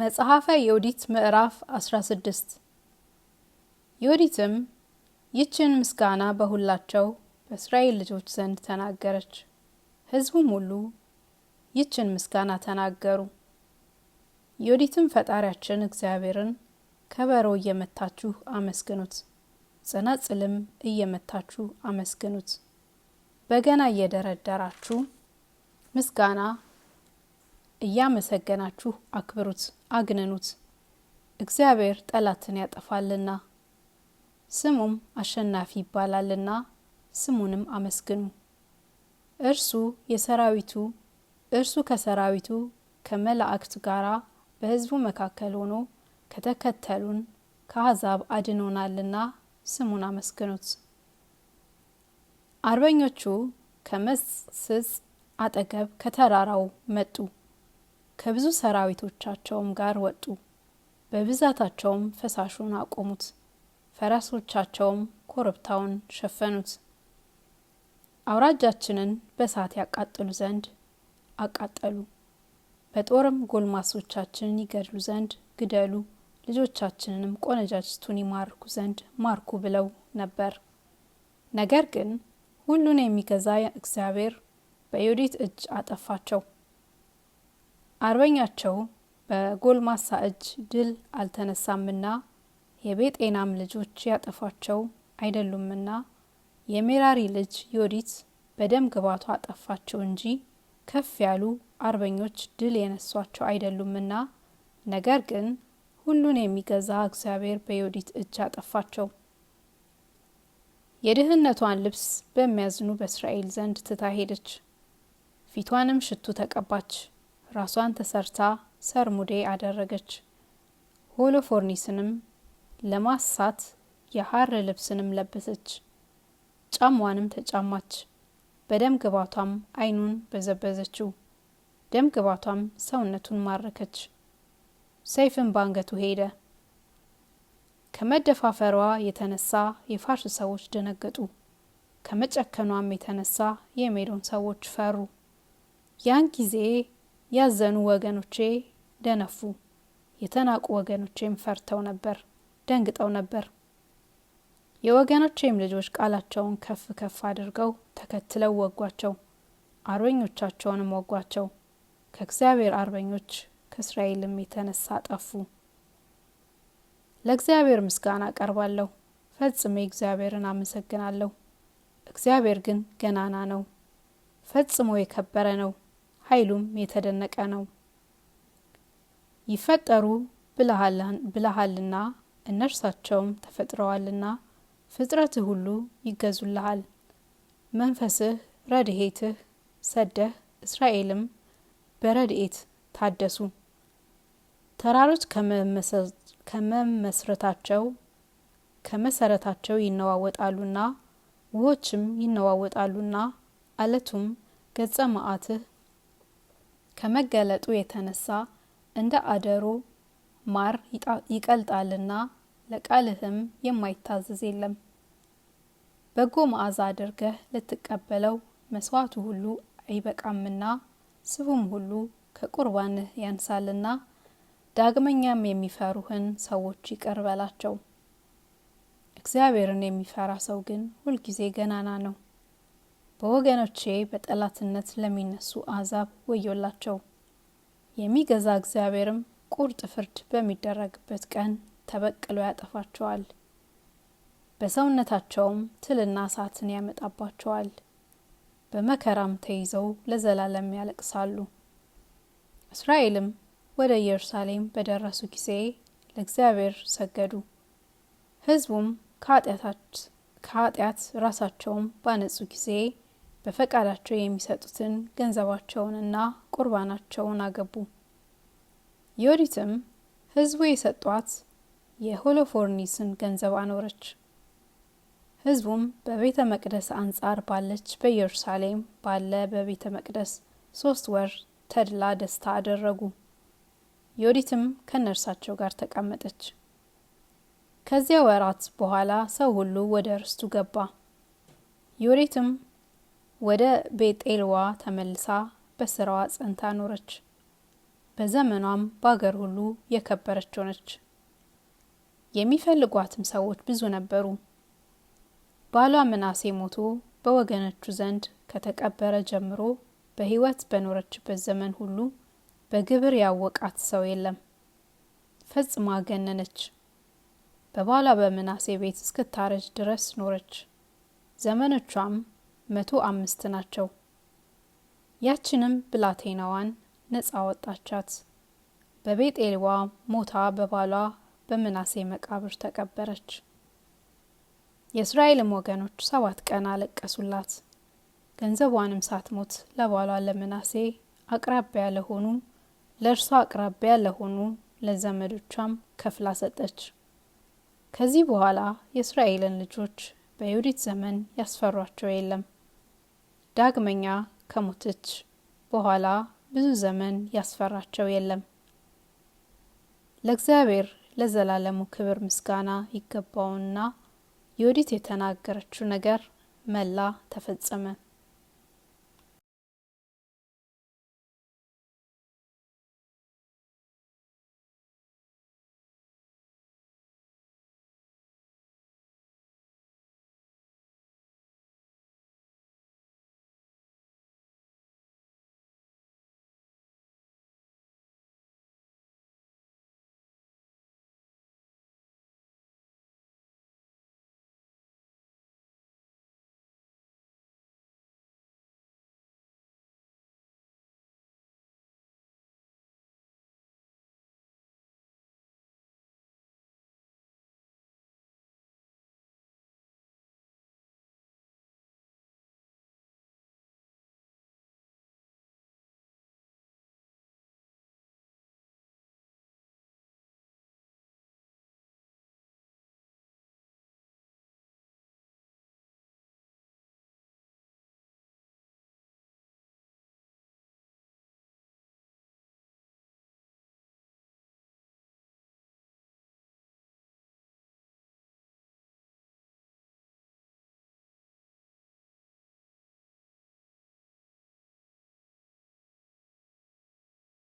መጽሐፈ ዮዲት ምዕራፍ 16 ዮዲትም ይችን ምስጋና በሁላቸው በእስራኤል ልጆች ዘንድ ተናገረች። ሕዝቡም ሁሉ ይችን ምስጋና ተናገሩ። ዮዲትም ፈጣሪያችን እግዚአብሔርን ከበሮ እየመታችሁ አመስግኑት፣ ጸናጽልም እየመታችሁ አመስግኑት፣ በገና እየደረደራችሁ ምስጋና እያመሰገናችሁ አክብሩት፣ አግነኑት። እግዚአብሔር ጠላትን ያጠፋልና ስሙም አሸናፊ ይባላልና ስሙንም አመስግኑ። እርሱ የሰራዊቱ እርሱ ከሰራዊቱ ከመላእክት ጋራ በሕዝቡ መካከል ሆኖ ከተከተሉን ከአሕዛብ አድኖናልና ስሙን አመስግኑት። አርበኞቹ ከመስስ አጠገብ ከተራራው መጡ። ከብዙ ሰራዊቶቻቸውም ጋር ወጡ። በብዛታቸውም ፈሳሹን አቆሙት፣ ፈረሶቻቸውም ኮረብታውን ሸፈኑት። አውራጃችንን በእሳት ያቃጥሉ ዘንድ አቃጠሉ፣ በጦርም ጎልማሶቻችንን ይገድሉ ዘንድ ግደሉ፣ ልጆቻችንንም ቆነጃጅቱን ይማርኩ ዘንድ ማርኩ ብለው ነበር። ነገር ግን ሁሉን የሚገዛ እግዚአብሔር በዮዲት እጅ አጠፋቸው። አርበኛቸው በጎልማሳ እጅ ድል አልተነሳምና የቤጤናም ልጆች ያጠፏቸው አይደሉምና የሜራሪ ልጅ ዮዲት በደም ግባቷ አጠፋቸው እንጂ ከፍ ያሉ አርበኞች ድል የነሷቸው አይደሉምና። ነገር ግን ሁሉን የሚገዛ እግዚአብሔር በዮዲት እጅ አጠፋቸው። የድህነቷን ልብስ በሚያዝኑ በእስራኤል ዘንድ ትታ ሄደች፣ ፊቷንም ሽቱ ተቀባች። ራሷን ተሰርታ ሰርሙዴ አደረገች። ሆሎፎርኒስንም ለማሳት የሐር ልብስንም ለበሰች። ጫሟንም ተጫማች። በደም ግባቷም አይኑን በዘበዘችው። ደም ግባቷም ሰውነቱን ማረከች። ሰይፍን በአንገቱ ሄደ። ከመደፋፈሯ የተነሳ የፋርስ ሰዎች ደነገጡ። ከመጨከኗም የተነሳ የሜዶን ሰዎች ፈሩ። ያን ጊዜ ያዘኑ ወገኖቼ ደነፉ፣ የተናቁ ወገኖቼም ፈርተው ነበር፣ ደንግጠው ነበር። የወገኖቼም ልጆች ቃላቸውን ከፍ ከፍ አድርገው ተከትለው ወጓቸው፣ አርበኞቻቸውንም ወጓቸው። ከእግዚአብሔር አርበኞች ከእስራኤልም የተነሳ ጠፉ። ለእግዚአብሔር ምስጋና አቀርባለሁ፣ ፈጽሜ እግዚአብሔርን አመሰግናለሁ። እግዚአብሔር ግን ገናና ነው፣ ፈጽሞ የከበረ ነው። ኃይሉም የተደነቀ ነው። ይፈጠሩ ብለሃልና እነርሳቸውም ተፈጥረዋልና ፍጥረትህ ሁሉ ይገዙልሃል። መንፈስህ ረድኤትህ ሰደህ እስራኤልም በረድኤት ታደሱ። ተራሮች ከመመስረታቸው ከመሰረታቸው ይነዋወጣሉና ውሆችም ይነዋወጣሉና አለቱም ገጸ መዓትህ ከመገለጡ የተነሳ እንደ አደሩ ማር ይቀልጣልና ለቃልህም የማይታዘዝ የለም። በጎ መዓዛ አድርገህ ልትቀበለው መስዋዕቱ ሁሉ አይበቃምና ስቡም ሁሉ ከቁርባንህ ያንሳልና። ዳግመኛም የሚፈሩህን ሰዎች ይቅር በላቸው። እግዚአብሔርን የሚፈራ ሰው ግን ሁልጊዜ ገናና ነው። በወገኖቼ በጠላትነት ለሚነሱ አዛብ ወዮላቸው። የሚገዛ እግዚአብሔርም ቁርጥ ፍርድ በሚደረግበት ቀን ተበቅሎ ያጠፋቸዋል። በሰውነታቸውም ትልና እሳትን ያመጣባቸዋል። በመከራም ተይዘው ለዘላለም ያለቅሳሉ። እስራኤልም ወደ ኢየሩሳሌም በደረሱ ጊዜ ለእግዚአብሔር ሰገዱ። ሕዝቡም ከኃጢአት ራሳቸውም ባነጹ ጊዜ በፈቃዳቸው የሚሰጡትን ገንዘባቸውንና ቁርባናቸውን አገቡ። ዮዲትም ሕዝቡ የሰጧት የሆሎፎርኒስን ገንዘብ አኖረች። ሕዝቡም በቤተ መቅደስ አንጻር ባለች በኢየሩሳሌም ባለ በቤተ መቅደስ ሶስት ወር ተድላ ደስታ አደረጉ። ዮዲትም ከነርሳቸው ጋር ተቀመጠች። ከዚያ ወራት በኋላ ሰው ሁሉ ወደ እርስቱ ገባ። ዮዲትም ወደ ቤጤልዋ ተመልሳ በስራዋ ጸንታ ኖረች። በዘመኗም በአገር ሁሉ የከበረች ሆነች። የሚፈልጓትም ሰዎች ብዙ ነበሩ። ባሏ ምናሴ ሞቶ በወገኖቹ ዘንድ ከተቀበረ ጀምሮ በሕይወት በኖረችበት ዘመን ሁሉ በግብር ያወቃት ሰው የለም። ፈጽሞ አገነነች። በባሏ በምናሴ ቤት እስክታረጅ ድረስ ኖረች። ዘመኖቿም መቶ አምስት ናቸው። ያችንም ብላቴናዋን ነጻ ወጣቻት። በቤጤልዋ ሞታ በባሏ በምናሴ መቃብር ተቀበረች። የእስራኤልም ወገኖች ሰባት ቀን አለቀሱላት። ገንዘቧንም ሳትሞት ለባሏ ለምናሴ አቅራቢያ ለሆኑ ለእርሷ አቅራቢያ ለሆኑ ለዘመዶቿም ከፍላ ሰጠች። ከዚህ በኋላ የእስራኤልን ልጆች በይሁዲት ዘመን ያስፈሯቸው የለም። ዳግመኛ ከሞተች በኋላ ብዙ ዘመን ያስፈራቸው የለም። ለእግዚአብሔር ለዘላለሙ ክብር ምስጋና ይገባውና ዮዲት የተናገረችው ነገር መላ ተፈጸመ።